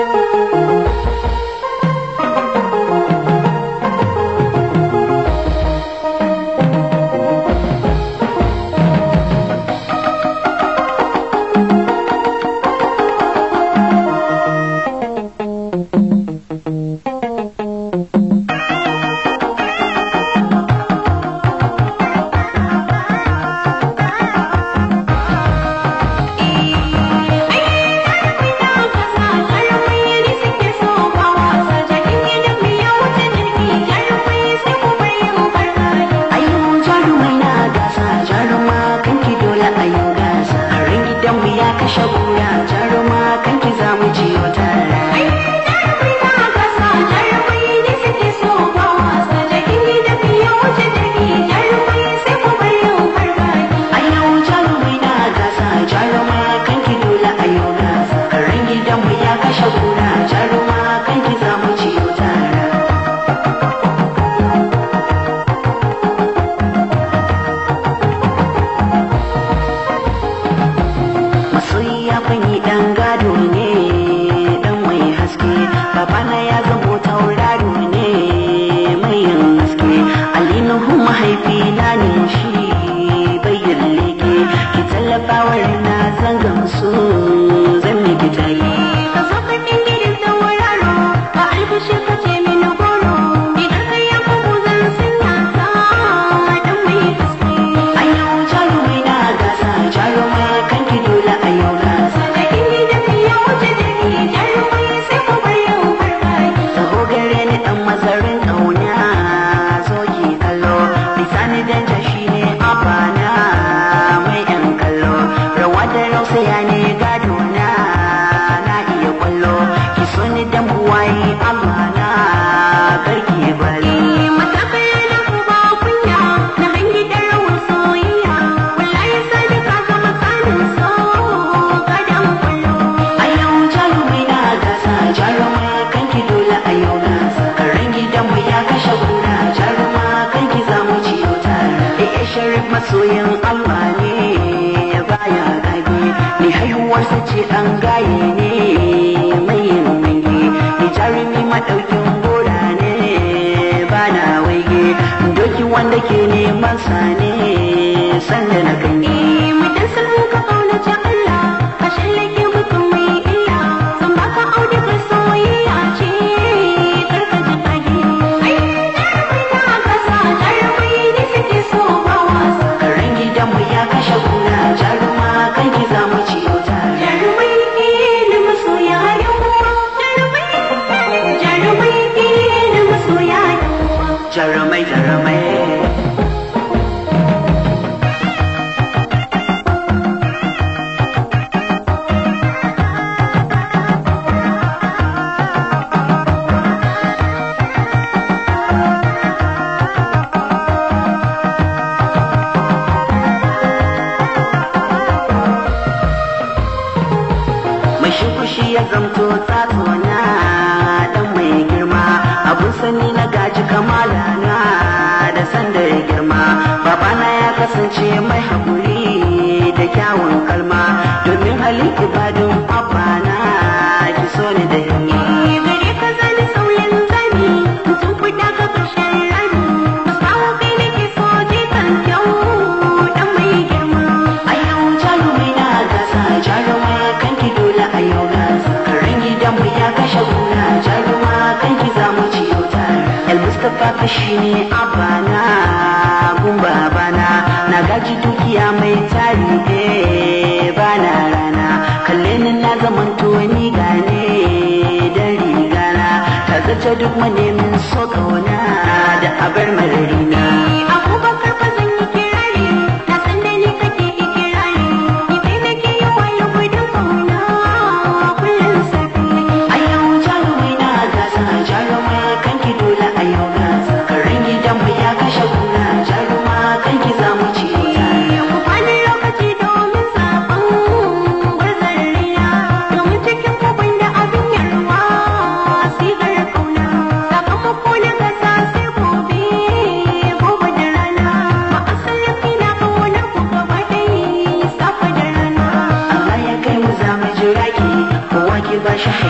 Thank you. 受不了。ni dan gado ne dan mai haske babana ya zamo taurari ne mai haske alinuhu mahaifi na ne shi bayyana leke ki tallafa na zangan shi ɗan gaye ne mai nange jarumi maɗaukin gora ne na waige doki wanda ke neman sa ne sanda na kai shi kushi ya zamto na dan mai girma abun sani na gaji kamala na da sanda ya girma babana ya kasance mai haƙuri da kyawun kalma domin halin ibada baka shi ne abana gumba bana na gaji dukiya mai tari e bana rana kalle ni na zamanto ni gane dan rigana ta zace duk manemin so kauna da abar mai 来生。